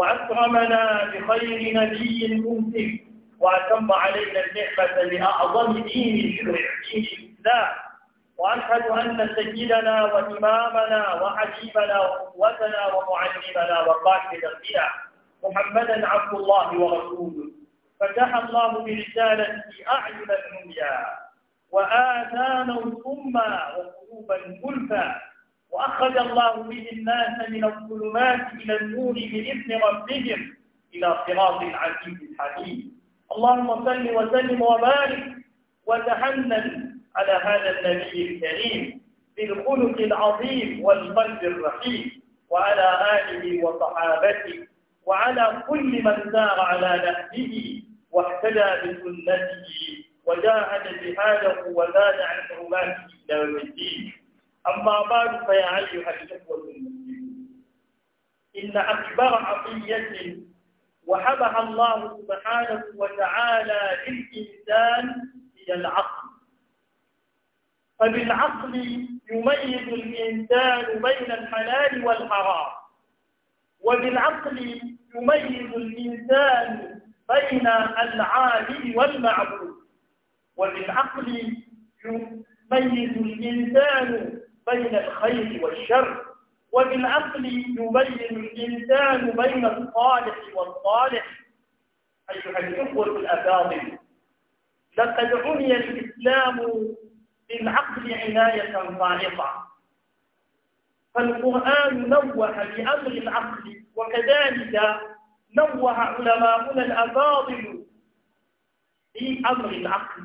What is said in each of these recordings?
وأكرمنا بخير نبي ممسك وأتم علينا النعمة بأعظم دين شرع دين الإسلام وأشهد أن سيدنا وإمامنا وحبيبنا وقوتنا ومعلمنا وقائد بنا محمدا عبد الله ورسوله فتح الله برسالته أعين الدنيا وآتانا الأمة وقلوبا ملفا وأخرج الله به الناس من الظلمات إلى النور بإذن ربهم إلى صراط العزيز الحكيم اللهم صل وسلم وبارك وتحنن على هذا النبي الكريم بالخلق العظيم والقلب الرحيم وعلى آله وصحابته وعلى كل من سار على نهجه واهتدى بسنته وجاهد جهاده وزاد عن حرماته إلى يوم الدين أما بعد فيا أيها الإخوة المسلمون إن أكبر عطية وهبها الله سبحانه وتعالى للإنسان هي العقل فبالعقل يميز الإنسان بين الحلال والحرام وبالعقل يميز الإنسان بين العالم والمعبود وبالعقل يميز الإنسان بين الخير والشر وبالعقل يبين الإنسان بين الصالح والصالح أيها الإخوة الأفاضل لقد عني الإسلام بالعقل عناية صالحه فالقرآن نوه بأمر العقل وكذلك نوه علماؤنا الأفاضل بأمر العقل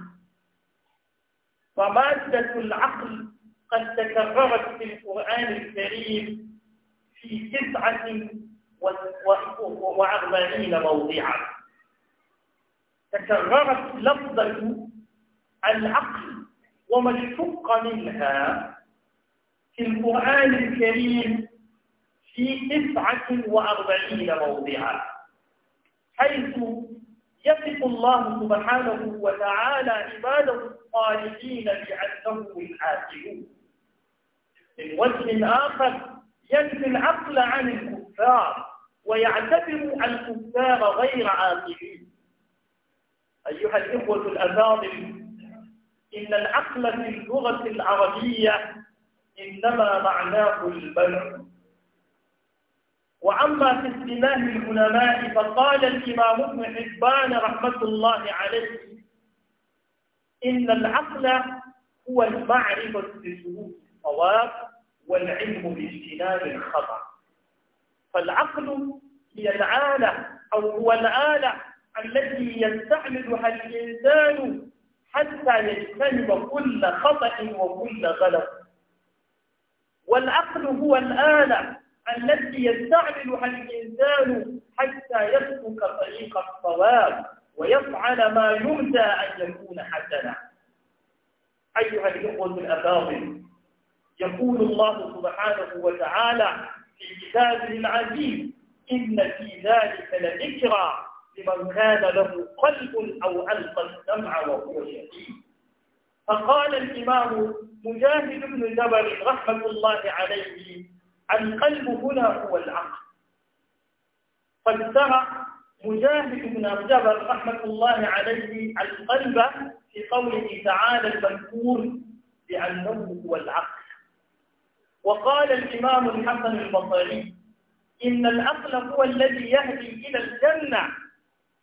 فمادة العقل قد تكررت في القرآن الكريم في تسعة وأربعين موضعا تكررت لفظة العقل وما اشتق منها في القرآن الكريم في تسعة وأربعين موضعا حيث يصف الله سبحانه وتعالى عباده الصالحين بأنهم الآخرون من وجه آخر ينفي العقل عن الكفار ويعتبر الكفار غير عاقلين أيها الإخوة الأفاضل إن العقل في اللغة العربية إنما معناه البلع وأما في اصطلاح العلماء فقال الإمام ابن حبان رحمة الله عليه إن العقل هو المعرفة بسهولة الصواب والعلم باجتناب الخطأ فالعقل هي العالة أو هو العالة التي يستعملها الإنسان حتى يجتنب كل خطأ وكل غلط والعقل هو الآلة التي يستعملها الإنسان حتى يسلك طريق الصواب ويفعل ما يرجى أن يكون حسنا أيها الإخوة الأفاضل يقول الله سبحانه وتعالى في كتابه العزيز إن في ذلك لذكرى لمن كان له قلب أو ألقى السمع وهو شهيد فقال الإمام مجاهد بن جبل رحمة الله عليه القلب هنا هو العقل فاسترى مجاهد بن جبل رحمة الله عليه القلب في قوله تعالى المذكور بأنه هو العقل وقال الإمام الحسن البصري إن العقل هو الذي يهدي إلى الجنة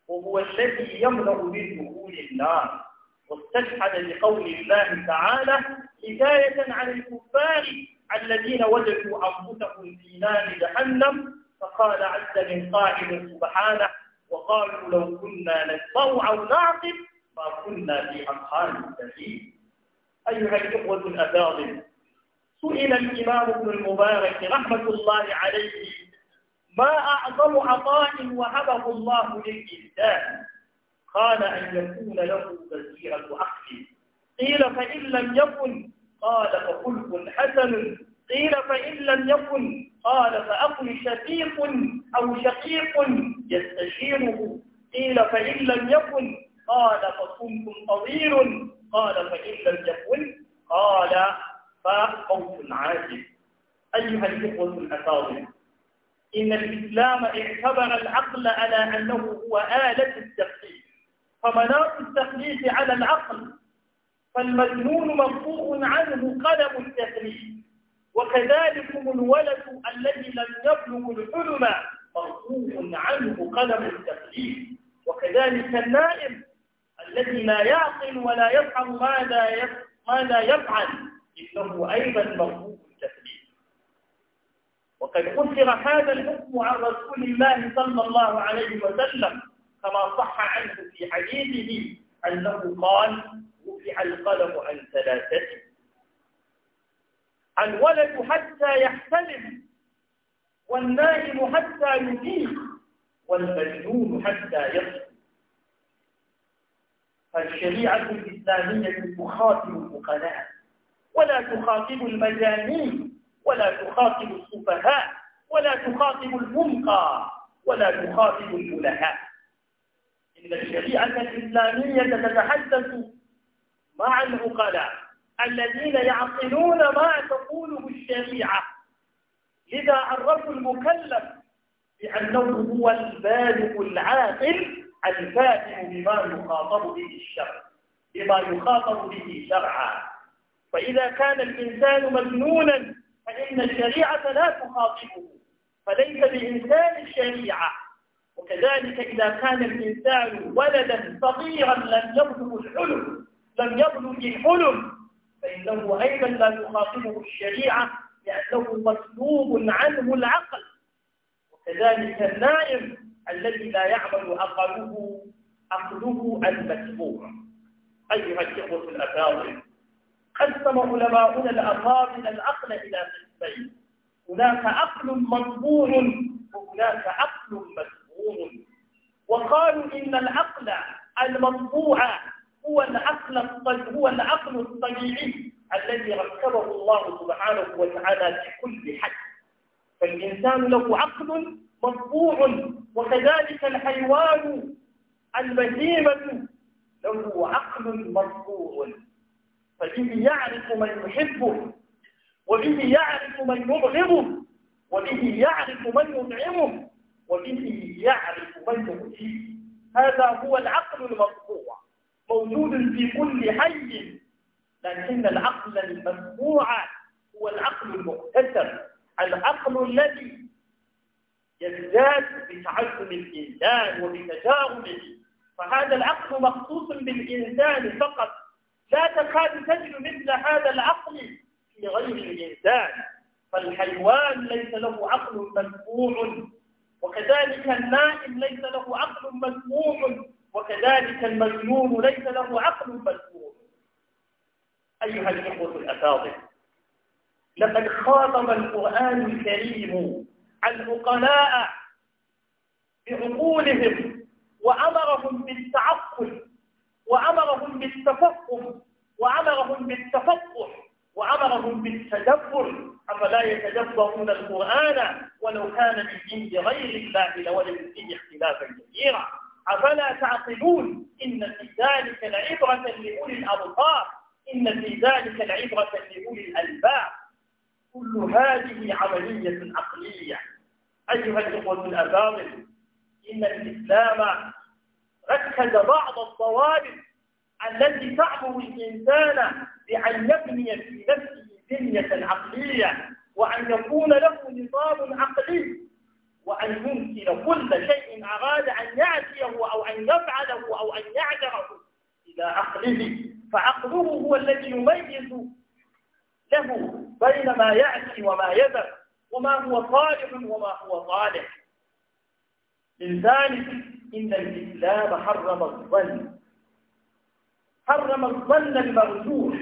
وهو الذي يمنع من دخول النار واستشهد لقول الله تعالى حكاية عن الكفار الذين وجدوا أنفسهم في نار جهنم فقال عز من قائل سبحانه وقالوا لو كنا نسمع أو نعقل ما كنا في أصحاب السبيل أيها الإخوة الأفاضل سئل الإمام ابن المبارك رحمة الله عليه ما أعظم عطاء وهبه الله للإنسان قال أن يكون له بصيرة عقل قيل فإن لم يكن قال فخلق حسن قيل فإن لم يكن قال فأقل شقيق أو شقيق يستشيره قيل فإن لم يكن قال فصمت طويل قال فإن لم يكن قال فخوف عاجل أيها الإخوة الأفاضل إن الإسلام اعتبر العقل على أنه هو آلة التخليف فمناط التخليف على العقل فالمجنون منفوخ عنه قلم التخليف وكذلك الولد الذي لم يبلغ الحلم مرفوع عنه قلم التخليف وكذلك النائم الذي لا يعقل ولا يفهم ماذا يفعل إنه أيضا مرفوض التثبيت وقد أثر هذا الحكم عن رسول الله صلى الله عليه وسلم كما صح عنه في حديثه أنه قال رفع القلم عن ثلاثة الولد حتى يحتلم والنائم حتى يفيق والمجنون حتى يصل فالشريعة الإسلامية تخاطب الفقهاء ولا تخاطب المجانين ولا تخاطب السفهاء ولا تخاطب المنقى ولا تخاطب البلهاء إن الشريعة الإسلامية تتحدث مع العقلاء الذين يعقلون ما تقوله الشريعة لذا عرفوا المكلف بأنه هو البالغ العاقل الفاتح بما يخاطب به الشرع بما يخاطب به شرعا فإذا كان الإنسان مجنونا فإن الشريعة لا تخاطبه فليس بإنسان الشريعة وكذلك إذا كان الإنسان ولدا صغيرا لم يبلغ الحلم لم يبلغ الحلم فإنه أيضا لا تخاطبه الشريعة لأنه مطلوب عنه العقل وكذلك النائم الذي لا يعمل عقله عقله المتبوع أيها الإخوة الأفاضل قسم علماؤنا الأفاضل العقل إلى قسمين هناك عقل مطبوع وهناك عقل مسبوع وقالوا إن العقل المطبوع هو العقل هو العقل الطبيعي الذي ركبه الله سبحانه وتعالى في كل حد فالإنسان له عقل مطبوع وكذلك الحيوان البهيمة له عقل مطبوع فبه يعرف من يحبه وبه يعرف من يبغضه وبه يعرف من ينعمه وبه يعرف من يؤذيه هذا هو العقل المطبوع موجود في كل حي لكن العقل المطبوع هو العقل المكتسب العقل الذي يزداد بتعلم الإنسان وبتجاربه فهذا العقل مخصوص بالإنسان فقط لا تكاد تجد مثل هذا العقل في غير الإنسان فالحيوان ليس له عقل مسموع وكذلك النائم ليس له عقل مسموع وكذلك المجنون ليس له عقل مسموع أيها الإخوة الأفاضل لقد خاطب القرآن الكريم العقلاء بعقولهم وأمرهم بالتعقل بالتفقه وأمرهم بالتفقه وأمرهم بالتدبر أفلا يتدبرون القرآن ولو كان من عند غير الله لوجدوا فيه اختلافا كثيرا أفلا تعقلون إن في ذلك لعبرة لأولي الأبصار إن في ذلك لعبرة لأولي الألباب كل هذه عملية عقلية أيها الإخوة الأفاضل إن الإسلام ركز بعض الضوابط التي تعمر الإنسان بأن يبني في نفسه بنية عقلية وأن يكون له نظام عقلي وأن يمكن كل شيء أراد أن يأتيه أو أن يفعله أو أن يعجره إلى عقله فعقله هو الذي يميز له بين ما يأتي وما يذر وما هو صالح وما هو صالح من ذلك إن الإسلام حرم الظن حرم الظن المرجوح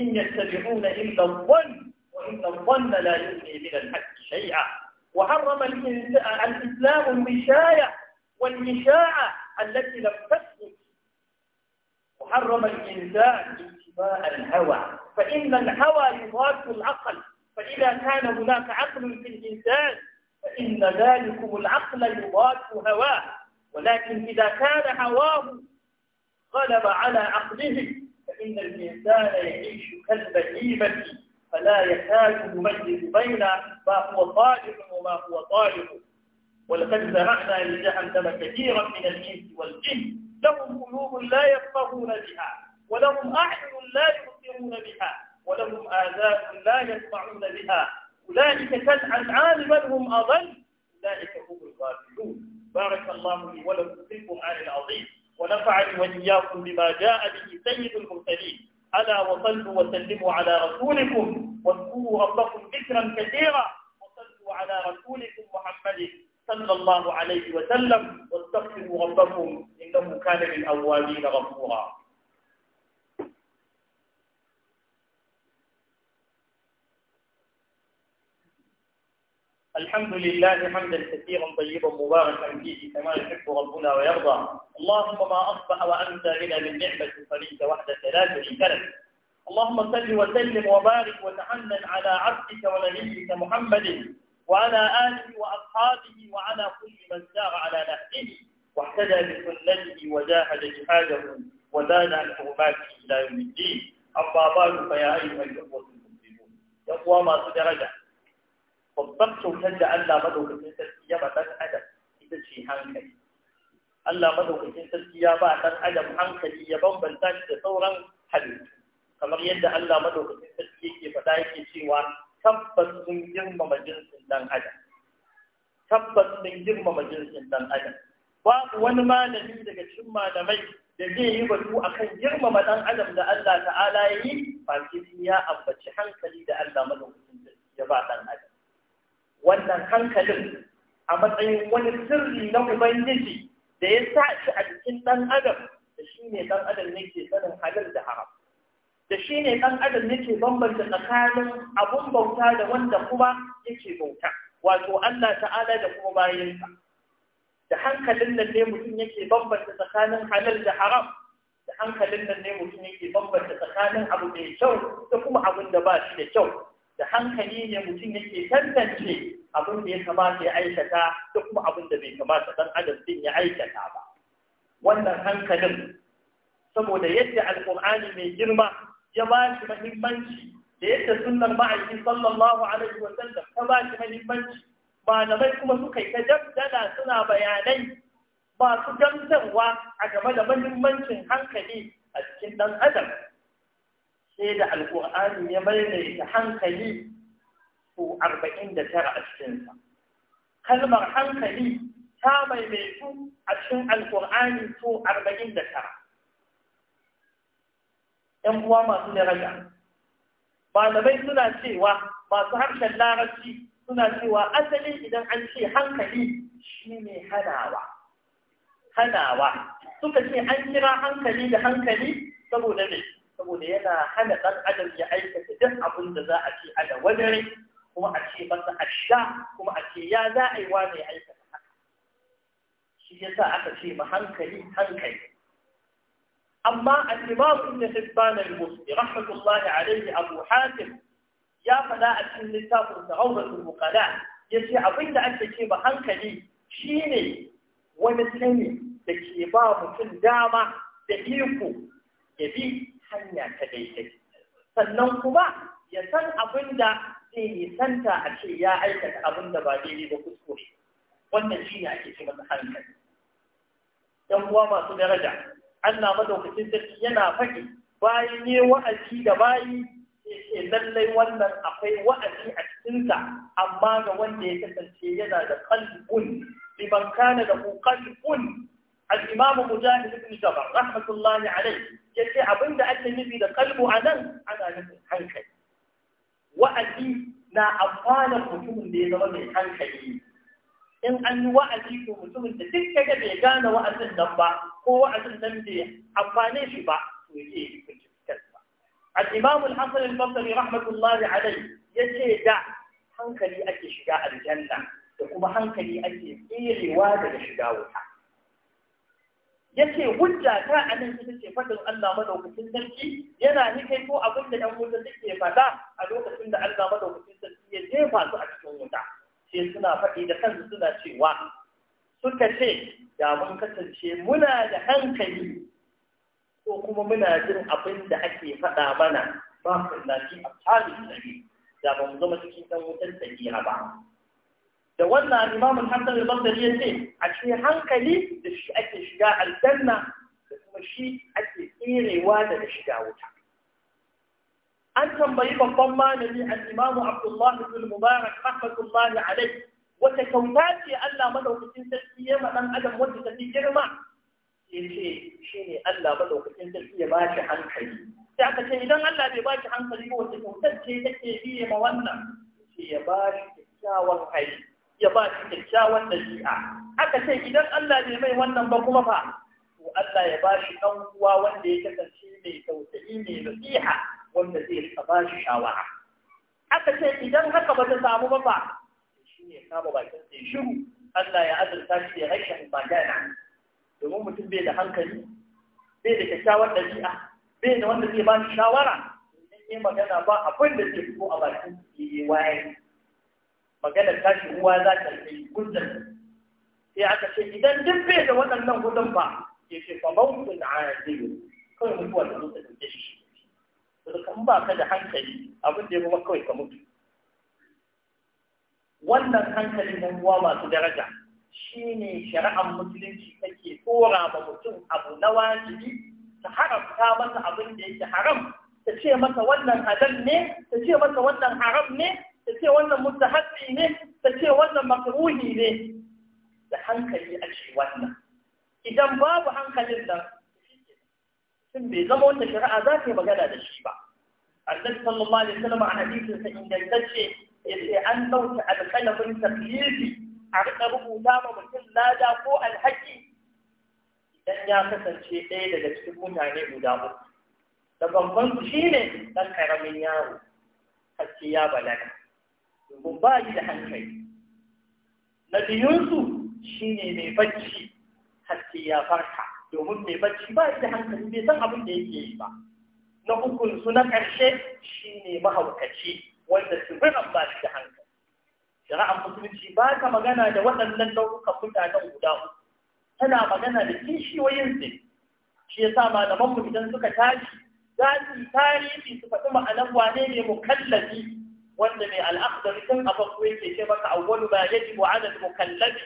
إن يتبعون إلا الظن وإن الظن لا يغني من الحق شيئا وحرم الإسلام المشاية والمشاعة التي لم تثبت وحرم الإنسان اتباع الهوى فإن الهوى يضاد العقل فإذا كان هناك عقل في الإنسان فإن ذلكم العقل يضاد هواه ولكن إذا كان هواه غلب على عقله فإن الإنسان يعيش كالبهيمة فلا يكاد يميز بين ما هو صالح وما هو طالب ولقد زرعنا لجهنم كثيرا من الإنس والجن لهم قلوب لا يفقهون بها ولهم أعين لا يبصرون بها ولهم آذان لا يسمعون بها أولئك كالأنعام بل هم أضل أولئك هم الغافلون بارك الله لي ولكم في القرآن العظيم ونفعني وإياكم بما جاء به سيد المرسلين ألا وصلوا وسلموا على رسولكم واذكروا ربكم ذكرا كثيرا وصلوا على رسولكم محمد صلى الله عليه وسلم واستغفروا ربكم إنه كان من أوابين غفورا الحمد لله حمدا كثيرا طيبا مباركا فيه كما يحب ربنا ويرضى اللهم ما أصبح وأنت غنى من نعمة فليس وحدك لا شريك لك اللهم صل وسلم وبارك وتحنن على عبدك ونبيك محمد وعلى آله وأصحابه وعلى كل من سار على نهجه واهتدى بسنته وجاهد جهاده وزاد عن حرماته إلى يوم الدين أما بعد فيا أيها الإخوة المسلمون يقوى ما درجه babbar kyautar da Allah madaukakin sarki ya ba ɗan adam ita ce hankali Allah madaukakin sarki ya ba ɗan adam hankali ya bambanta shi da sauran halittu kamar yadda Allah madaukakin sarki yake faɗa yake cewa tabbas sun girmama jinsin ɗan adam tabbas sun girmama jinsin ɗan adam babu wani malami daga cikin malamai da zai yi batu kan girmama ɗan adam da Allah ta'ala ya yi ba ya ambaci hankali da Allah madaukakin sarki ya ba ɗan adam wannan hankalin a matsayin wani sirri na ubangiji da ya sa shi a jikin ɗan adam da shi ne ɗan adam ne ke sanin halal da haram da shi ne ɗan adam ne ke bambanta tsakanin abun bauta da wanda kuma yake bauta wato Allah ta'ala da kuma bayansa da hankalin nan ne mutum yake bambanta tsakanin halal da haram da hankalin nan ne mutum yake bambanta tsakanin abu mai kyau da kuma abin da ba shi da kyau da hankali ne mutum yake tantance abin da ya kamata ya aikata da kuma abin da bai kamata dan adam din ya aikata ba wannan hankalin saboda yadda alqur'ani mai girma ya ba shi muhimmanci da yadda sunnar ma'aiki sallallahu alaihi wa sallam ta ba shi muhimmanci malamai kuma suka yi ta dabdala suna bayanai masu gamsarwa a game da muhimmancin hankali a cikin dan adam sai da alƙur'ani ya maimaita hankali su arba'in da tara a cikinsa kalmar hankali ta maimaitu a cikin alƙur'ani su arba'in da tara ‘yan uwa masu daraja malamai suna cewa masu harshen larabci suna cewa asali idan an ce hankali shi ne hanawa hanawa suka ce an kira hankali da hankali saboda mai. tana hana ɗan adam ya aikata duk abin da za a ce ana rai, kuma a ce masa asha kuma a ce ya za a yi aikata haka shi ya sa aka ce ma hankali hankali amma a imam ibn hibban al rahmatullahi alaihi abu hatim ya faɗa a cikin littafin sa rawdatul muqala yace abin da ake ce ma hankali shine wani sani da ke ba mutum dama da iko ya bi hanya ta daidai sannan kuma ya san abin da zai nisanta a ce ya aikata abin da ba daidai ba kuskure wannan shi ne ake ce masa hankali ɗan uwa masu daraja Allah madaukakin sarki yana faɗi bayan ne wa'azi da bayi ce lallai wannan akwai wa'azi a cikinsa amma ga wanda ya kasance yana da kalbun liman kana da qalbun al’imamu mujahid ibn shaba rahmatullahi ne alai yake abin da ake nufi da kalbu anan nan ana nufin hankali wa’adi na amfanar mutumin da ya zama mai hankali in an yi wa’adi ko mutumin da duk ya bai gane wa’adin nan ba ko wa’adin nan bai amfane shi ba to yake yi kuke kasa al’imamu al’asar al-bambari rahmatullahi alai yake da hankali ake shiga aljanna da kuma hankali ake tserewa daga shiga wuta Yake hujja ta nan ita ce fadin Allah madaukakin sarki yana nufin ko abin da dan wuta take fada a lokacin da Allah madaukakin sarki ya jefa su a cikin wuta sai suna faɗi da kansu suna cewa suka ce da mun kasance muna da hankali ko kuma muna jin abin da ake faɗa mana ba kunna a tsarin da ba mu zama cikin dan wutar tafiya ba da wannan imamun hassan al-basri ya ce a hankali da shi ake shiga aljanna da kuma shi ake tserewa daga shiga wuta an tambayi babban malami al-imamu abdullahi ibn mubarak rahmatullahi alaihi wata kyauta ce Allah madaukakin sarki ya ma dan adam wanda ta fi girma yace shine Allah madaukakin sarki ya ba shi hankali sai aka ce idan Allah bai ba shi hankali ba wata kyautar ce take biye ma wannan ya ba shi kyakkyawan hali ya ba shi kyakkyawan ɗabi'a. aka ce idan Allah bai mai wannan ba kuma fa to Allah ya ba shi dan uwa wanda ya kasance mai tausayi mai nasiha wanda zai rika ba shi shawara aka ce idan haka ba ta samu ba fa shi ne kama bakin sai shiru Allah ya azurta shi da rashin magana domin mutum bai da hankali bai da kyakkyawan ɗabi'a, bai da wanda zai ba shi shawara in yi magana ba abin da zai fito a bakin ya waye maganar tashi uwa za ta yi gudun sai aka ce idan duk bai da waɗannan gudun ba ke ce fa mawutun yi. kawai mutuwa da mutu da ke shi saboda kan ba ka da hankali abin da ya kuma kawai ka mutu wannan hankali na uwa masu daraja shine shari'ar musulunci take tsora ma mutum abu na wajibi ta haramta masa abin da yake haram ta ce masa wannan halal ne ta ce masa wannan haram ne ta ce wannan hatsi ne ta wannan makruhi ne da hankali a ce wannan idan babu hankalin nan sun bai zama wanda shari'a za ta yi magana da shi ba annabi sallallahu alaihi wasallam a hadisin sa ingantacce yace an dauke alƙalamin taklifi a riƙa rubuta ma mutum lada ko alhaki idan ya kasance ɗaya daga cikin mutane guda uku da shi ne ɗan karamin yaro har ya balaga domin ba yi da hankali na biyunsu shi ne mai bacci haske ya farka domin mai bacci ba yi da hankali bai san abin da yake yi ba na su na ƙarshe shi ne mahaukaci wanda bi ba shi da hankali shari'ar musulunci ba ka magana da waɗannan nau'ukan mutanen guda uku tana magana da kishiyoyin su shi ya sa mu idan suka tashi za su yi tarihi su faɗi ma'anar wane ne mukallafi wanda mai al'akhdari tun a yake ce maka awwalu ba yajibu ala al-mukallaf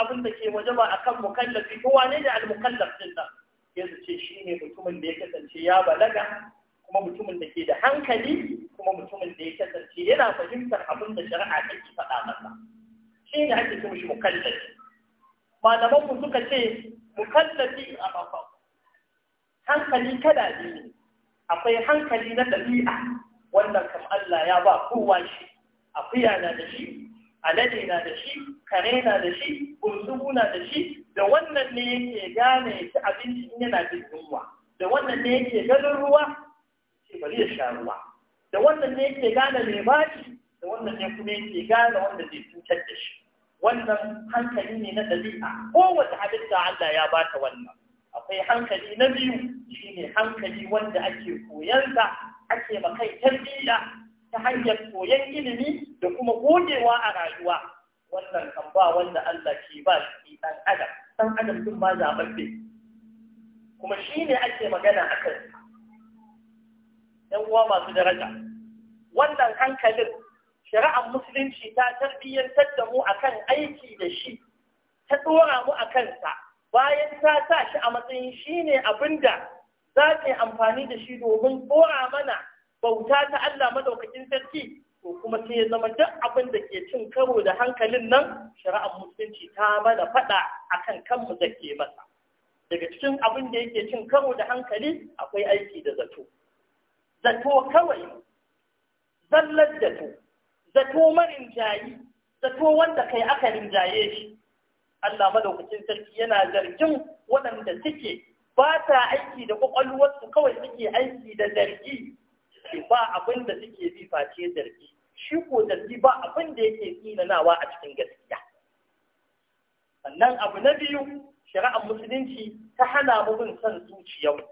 abin da ke waje wajaba akan mukallafi ko wane ne al-mukallaf din nan yanzu ce shine mutumin da ya kasance ya balaga kuma mutumin da ke da hankali kuma mutumin da ya kasance yana fahimtar abin da shari'a take faɗa masa shi ne ake ce shi mukallafi malaman mu suka ce mukallafi a farko hankali kada ne akwai hankali na ɗabi'a wannan kam Allah ya ba kowa shi akuya na da shi alade na da shi kare na da shi bunzubu na da shi da wannan ne yake gane ta abinci in yana jin yunwa da wannan ne yake ganin ruwa ce bari ya sha ruwa da wannan ne yake gane mai baci da wannan ne kuma yake gane wanda zai cutar da shi wannan hankali ne na ɗabi'a kowace halitta Allah ya ba ta wannan akwai hankali na biyu shine hankali wanda ake koyansa ake makai tarbiyya ta hanyar koyon ilimi da kuma gogewa a rayuwa wannan kan ba wanda Allah ke ba shi dan adam dan adam sun ma zaɓaɓɓe kuma shi ake magana a kan uwa masu daraja wannan hankalin shari'ar musulunci ta tarbiyyantar da mu akan aiki da shi ta ɗora mu a kansa bayan ta sa shi a matsayin shine ne abin da za ka yi amfani da shi domin tsora mana bauta ta Allah madaukakin sarki Ko kuma sai ya zama duk abin da ke cin karo da hankalin nan shari'ar musulunci ta mana faɗa akan kanmu da ke masa daga cikin abin da yake cin karo da hankali akwai aiki da zato zato kawai zallar zato zato marin jayi zato wanda kai aka rinjaye shi Allah madaukakin sarki yana zargin waɗanda suke ba ta aiki da kwakwalwarsu kawai suke aiki da zargi ba abin da suke bi face zargi shi ko zargi ba abin da yake tsinanawa a cikin gaskiya sannan abu na biyu shari'ar musulunci ta hana mu bin son zuciyar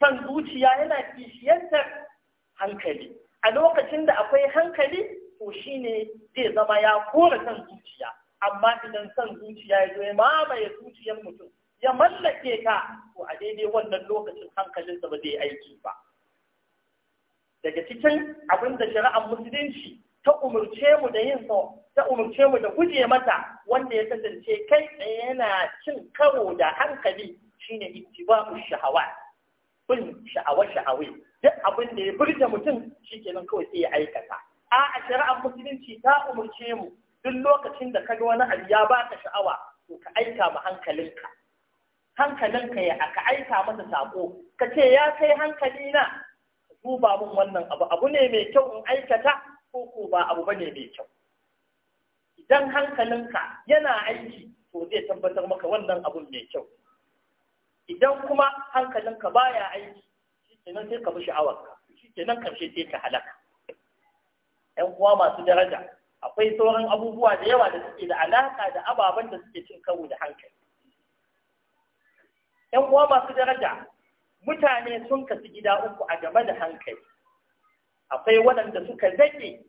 son zuciya yana kishiyantar hankali a lokacin da akwai hankali to ne zai zama ya kora son zuciya amma idan son zuciya ya zo ya mamaye zuciyar mutum ya mallake ka ko a daidai wannan lokacin hankalinsa ba zai aiki ba daga cikin abin da shari'ar musulunci ta umurce mu da yin ta umurce mu da guje mata wanda ya kasance kai tsaye yana cin karo da hankali shine ittiba'u shahawa bin sha'awa sha'awi duk abin da ya burge mutum shikenan kawai sai ya aikata a a shari'ar musulunci ta umarce mu duk lokacin da kaga wani abu ya baka sha'awa to ka aika ma hankalinka hankalinka ya aka aika masa sako ka ce ya kai hankali na duba mun wannan abu abu ne mai kyau in aikata ko ko ba abu bane mai kyau idan hankalinka yana aiki to zai tabbatar maka wannan abun mai kyau idan kuma hankalinka baya aiki shikenan sai ka bi sha'awarka shikenan karshe sai ka halaka ɗan uwa masu daraja akwai sauran abubuwa da yawa da suke da alaka da ababen da suke cin karo da hankali ‘yan uwa masu daraja mutane sun kasu gida uku a game da hankali akwai waɗanda suka zaƙe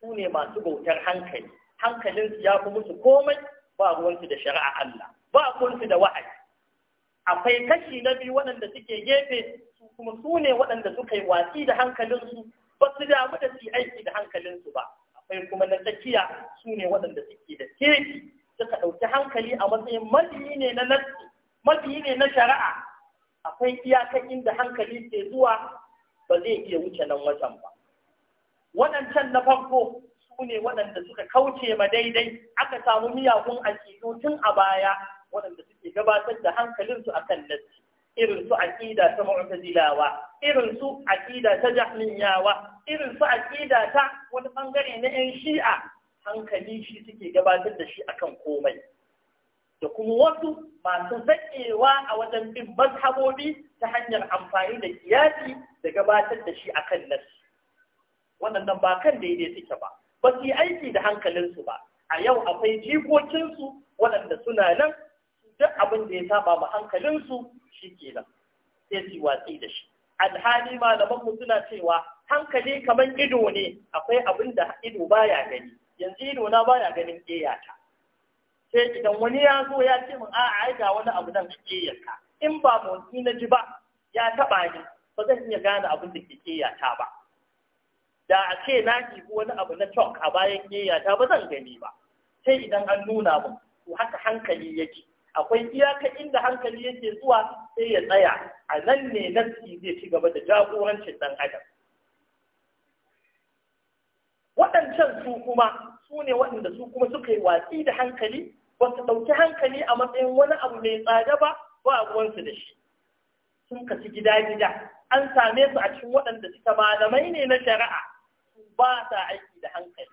su ne masu bautar hankali hankalinsu ya fi musu komai ba ruwansu da shari'a Allah ba ruwansu da wa'ayi akwai kashi na biyu waɗanda suke gefe su kuma su ne waɗanda suka yi watsi da hankalinsu ba su damu da su aiki da hankalinsu ba akwai kuma na tsakiya su ne waɗanda suke da teki suka ɗauki hankali a matsayin mabiyi ne na nassi mafi ne na shari'a akwai iyakan inda hankali ke zuwa ba zai iya wuce nan wajen ba Wadancan na farko su ne waɗanda suka kauce ma daidai aka samu miyagun a tun a baya waɗanda suke gabatar da hankalinsu a kan nassi irin su aƙida ta mu'tazilawa irin su aƙida ta jahmiyawa irin su aƙida ta wani ɓangare na 'yan shi'a hankali shi suke gabatar da shi akan komai da kuma wasu masu zaƙewa a wajen bin mazhabobi ta hanyar amfani da kiyasi da gabatar da shi akan nasu wannan ba kan daidai suke ba ba su yi aiki da hankalinsu ba a yau akwai jikokinsu waɗanda suna nan duk abin da ya saba ma hankalinsu shi ke nan sai su watsi da shi alhali malamanmu suna cewa hankali kamar ido ne akwai abin da ido baya gani yanzu ido na baya ganin ƙeyata sai idan wani ya zo ya ce min a'a ai ga wani abu nan a ƙeyarka in ba motsi na ji ba ya taba ni ba zan iya gane abin da ke ƙeyata ba da a ce na ɗibi wani abu na chalk a bayan ƙeyata ba zan gani ba sai idan an nuna ba to haka hankali yake akwai iyaka inda hankali yake zuwa sai ya tsaya a nan ne nafsi zai ci gaba da jagorancin ɗan adam waɗancan su kuma su ne waɗanda su kuma suka yi watsi da hankali ba su ɗauki hankali a matsayin wani abu mai tsada ba ba a ruwansu da shi sun kasu gida-gida an same su a cikin waɗanda suka malamai ne na shari'a ba sa aiki da hankali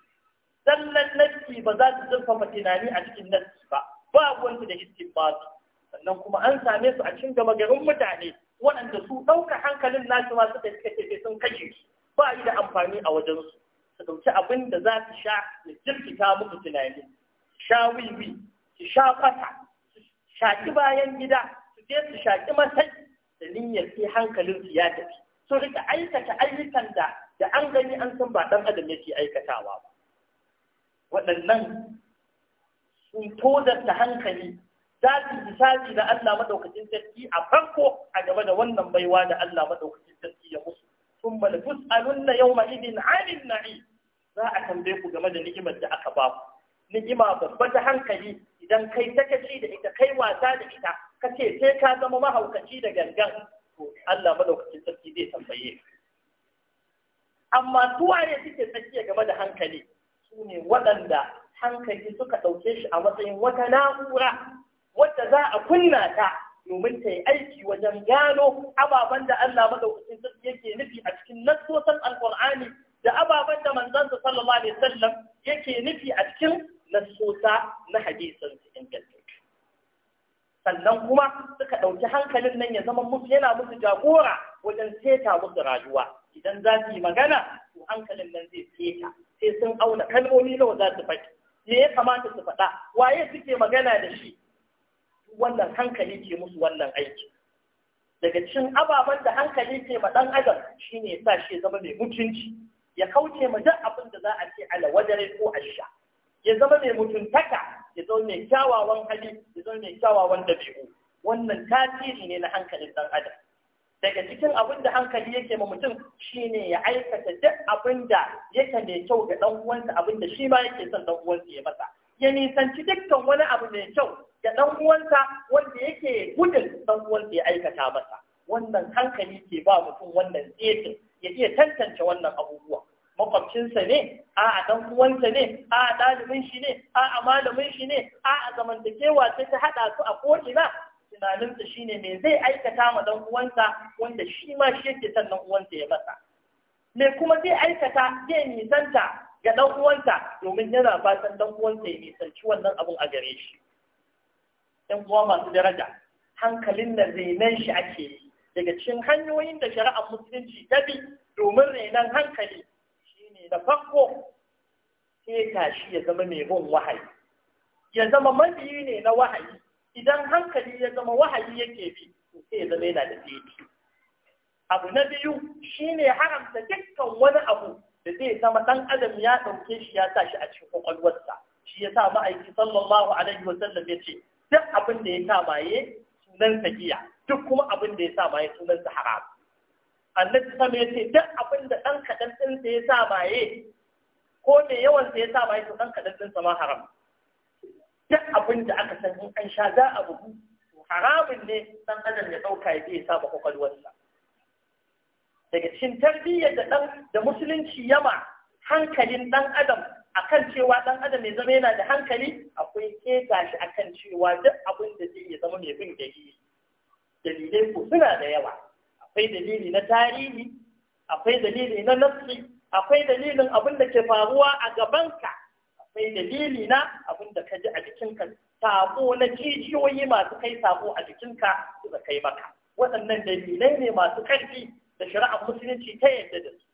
zallan nassi ba za su zurfafa tunani a cikin nassi ba ba ruwansu da ba su. sannan kuma an same su a cikin gama garin mutane waɗanda su ɗauka hankalin nasu ma suka kace sun kashe shi ba yi da amfani a wajensu su ɗauki abin da za su sha ya jirkita musu tunani sha wiwi su sha su bayan gida su je su shaki masai da niyyar sai hankalin su ya tafi sun rika aikata ayyukan da da an gani an san ba dan adam yake aikatawa ba waɗannan sun hankali za su hisabi da Allah madaukakin sarki a farko a game da wannan baiwa da Allah madaukakin sarki ya musu sun bala tus'alunna yawma idin 'anil na'i za a tambaye ku game da ni'imar da aka ba ku ni'ima babba ta hankali idan kai sakaci da ita kai wasa da ita ka ce sai ka zama mahaukaci da gangan to Allah madaukakin sarki zai tambaye amma suwaye suke tsakiya game da hankali su ne waɗanda hankali suka ɗauke shi a matsayin wata na'ura wadda za a kunna ta domin ta yi aiki wajen gano ababen da Allah madaukakin sarki yake nufi a cikin nassosan alƙur'ani da ababen da manzansa sallallahu alaihi wasallam yake nufi a cikin nassosa na hadisin su sannan kuma suka ɗauki hankalin nan ya zama musu yana musu jagora wajen seta musu rayuwa idan za su yi magana to hankalin nan zai seta sai sun auna kalmomi nawa za su faɗi me ya kamata su faɗa waye suke magana da shi wannan hankali ke musu wannan aiki daga cikin ababen da hankali ke ma ɗan adam shine ya sa shi zama mai mutunci ya kauce ma duk abin da za a ce ala wajare ko a sha ya zama mai mutuntaka ya zama mai kyawawan hali ya zama mai kyawawan dabi'u wannan tasiri ne na hankalin dan adam daga cikin abin da hankali yake ma mutum shine ya aikata duk abin da yake mai kyau ga dan uwansa abin da shi ma yake son dan uwansa ya masa ya nisanci dukkan wani abu mai kyau ga dan uwansa wanda yake gudun dan uwansa ya aikata masa wannan hankali ke ba mutum wannan tsetin ya iya tantance wannan abubuwan. makwabcinsa ne a a dan ne a a ɗalibin shi ne a a malamin shi ne a a zamantakewa sai ta haɗa su a ko'ina tunaninsa ne me zai aikata ma ɗan uwansa wanda shi ma shi yake son ɗan uwansa ya masa me kuma zai aikata zai nisanta ga dan uwansa domin yana fatan ɗan uwansa ya nisanci wannan abun a gare shi ɗan uwa masu daraja hankalin da renon shi ake yi daga cikin hanyoyin da shari'ar musulunci ta bi domin renon hankali da farko sai tashi ya zama mai bin wahayi ya zama mabiyi ne na wahayi idan hankali ya zama wahayi yake bi to sai ya zama yana da daidai abu na biyu shine haramta dukkan wani abu da zai zama dan adam ya dauke shi ya sa shi a cikin kwakwalwarsa shi ya sa ma'aiki sallallahu alaihi wa sallam ya ce duk abin da ya sa maye sunansa giya duk kuma abin da ya sa maye sunansa haram annabi sama ya ce duk abin da ɗan kaɗan ɗin sa ya sa baye, ko mai yawan sa ya sa baye to ɗan kaɗan ɗin sa ma haram duk abin da aka san in an sha za a bugu haramun ne ɗan adam ya ɗauka ya ya sa ba kwakwalwarsa daga cikin tarbiyyar da ɗan da musulunci yama hankalin ɗan adam akan cewa ɗan adam ya zama yana da hankali akwai keta shi akan cewa duk abin da zai ya zama mai bin gari. dalilai ko suna da yawa akwai dalili na tarihi akwai dalili na nafsi akwai dalilin abin da ke faruwa a gabanka akwai dalili na abin da ka ji a jikinka sako na jijiyoyi masu kai sako a jikinka suka kai maka waɗannan dalilai ne masu ƙarfi da shari'ar musulunci ta yadda da su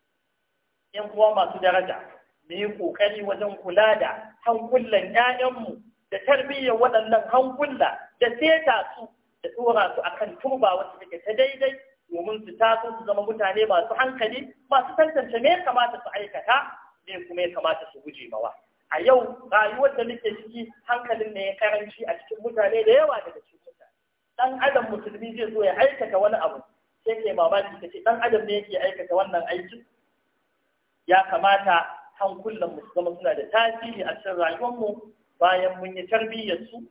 yan uwa masu daraja mu yi ƙoƙari wajen kula da hankulan 'ya'yanmu da tarbiyyar waɗannan hankula da seta su da tura su akan turba wacce take ta daidai domin su taso su zama mutane masu hankali masu tantance me ya kamata su aikata me kuma ya kamata su guje mawa a yau rayuwar da muke ciki hankalin ne ya karanci a cikin mutane da yawa daga cikin mutane dan adam musulmi zai zo ya aikata wani abu sai ke mamaki ta ce dan adam ne yake aikata wannan aikin ya kamata hankulan mu zama suna da tasiri a cikin rayuwar mu bayan mun yi tarbiyyar su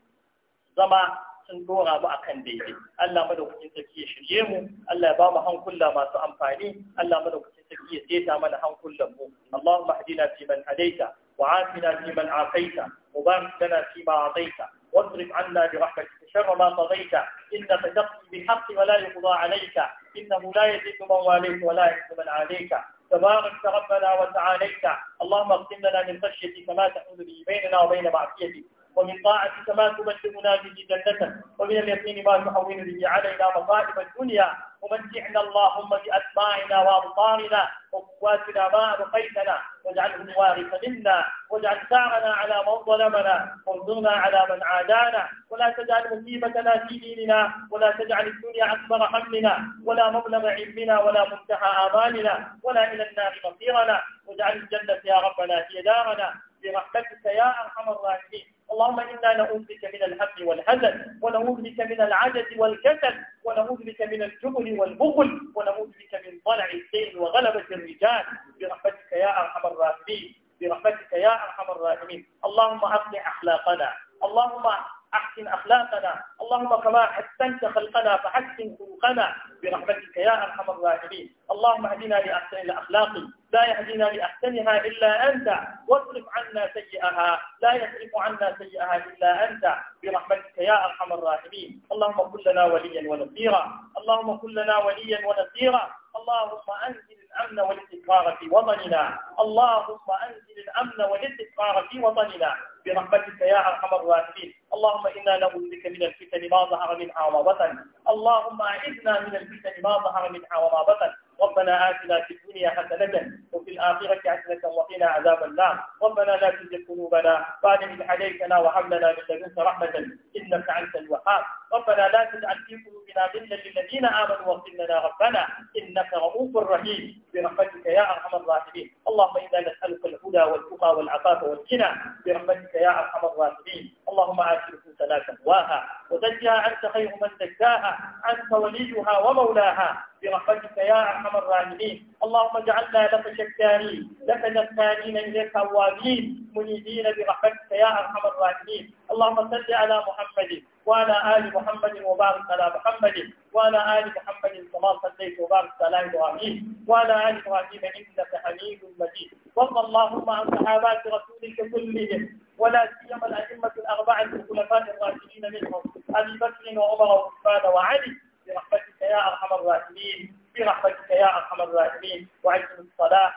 zama sun dora mu akan daidai Allah madaukakin sarki ya shirye mu Allah ya ba mu hankula masu amfani Allah madaukakin sarki ya saita mana hankulan mu Allahumma hadina fi man hadaita wa afina fi man afaita mubarak lana fi ma ataita واصرف عنا برحمتك شر ما قضيت إنك تقضي بالحق ولا يقضى عليك إنه لا يزيد من واليت ولا يعز من عليك تبارك ربنا وتعاليت اللهم اقسم لنا من خشيتك ما تحول به بيننا وبين معصيتك ومن طاعتك ما تبلغنا به جنتك ومن اليقين ما تحول به علينا مصائب الدنيا ومتعنا اللهم بأسماعنا وأبصارنا وقواتنا ما أبقيتنا واجعله الوارث منا واجعل ثارنا على من ظلمنا وانصرنا على من عادانا ولا تجعل مصيبتنا في ديننا ولا تجعل الدنيا أكبر حملنا ولا مبلغ علمنا ولا منتهى آمالنا ولا إلى النار مصيرنا واجعل الجنة يا ربنا هي دارنا برحمتك يا أرحم الراحمين اللهم إنا نعوذ بك من الهم والهزل ونعوذ بك من العجز والكسل ونعوذ بك من الجبن والبخل ونعوذ بك من ضلع الدين وغلبة الرجال برحمتك يا أرحم الراحمين برحمتك يا أرحم الراحمين اللهم أصلح أخلاقنا اللهم أحسن أخلاقنا اللهم كما حسنت خلقنا فحسن خلقنا برحمتك يا أرحم الراحمين اللهم اهدنا لأحسن الأخلاق لا يهدينا لأحسنها إلا أنت واصرف عنا سيئها لا يصرف عنا سيئها إلا أنت برحمتك يا أرحم الراحمين اللهم كن لنا وليا ونصيرا اللهم كن لنا وليا ونصيرا اللهم أنزل الأمن والاستقرار في وطننا اللهم أنزل الأمن والاستقرار في وطننا برحمتك يا أرحم الراحمين اللهم إنا نعوذ بك من الفتن ما ظهر منها وما بطن اللهم أعذنا من الفتن ما ظهر منها وما بطن ربنا آتنا في الدنيا حسنة وفي الآخرة حسنة وقنا عذاب النار ربنا لا تزغ قلوبنا بعد إذ هديتنا وهب لنا من لدنك رحمة إنك أنت الوهاب ربنا لا تجعل في قلوبنا غلا للذين آمنوا واغفر لنا ربنا إنك رؤوف رحيم برحمتك يا أرحم الراحمين اللهم إنا نسألك الهدى والتقى والعفاف والكنى برحمتك يا أرحم الراحمين اللهم آت نفوسنا تقواها وزكها أنت خير من زكاها أنت وليها ومولاها برحمتك يا أرحم الراحمين اللهم اجعلنا لك شكارين لك نسانين إليك أوابين منيبين برحمتك يا أرحم الراحمين اللهم صل على محمد وعلى آل محمد وبارك على محمد وعلى آل محمد كما صليت وبارك على إبراهيم وعلى آل إبراهيم إنك حميد مجيد وارض اللهم عن صحابات رسولك كلهم ولا سيما الأئمة الأربعة الخلفاء الراشدين منهم أبي بكر وعمر وعثمان وعلي برحمتك يا أرحم الراحمين برحمتك يا أرحم الراحمين وعجل الصلاة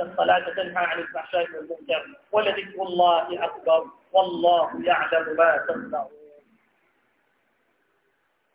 إن الصلاة تنهى عن الفحشاء والمنكر ولذكر الله أكبر والله يعلم ما تصنعون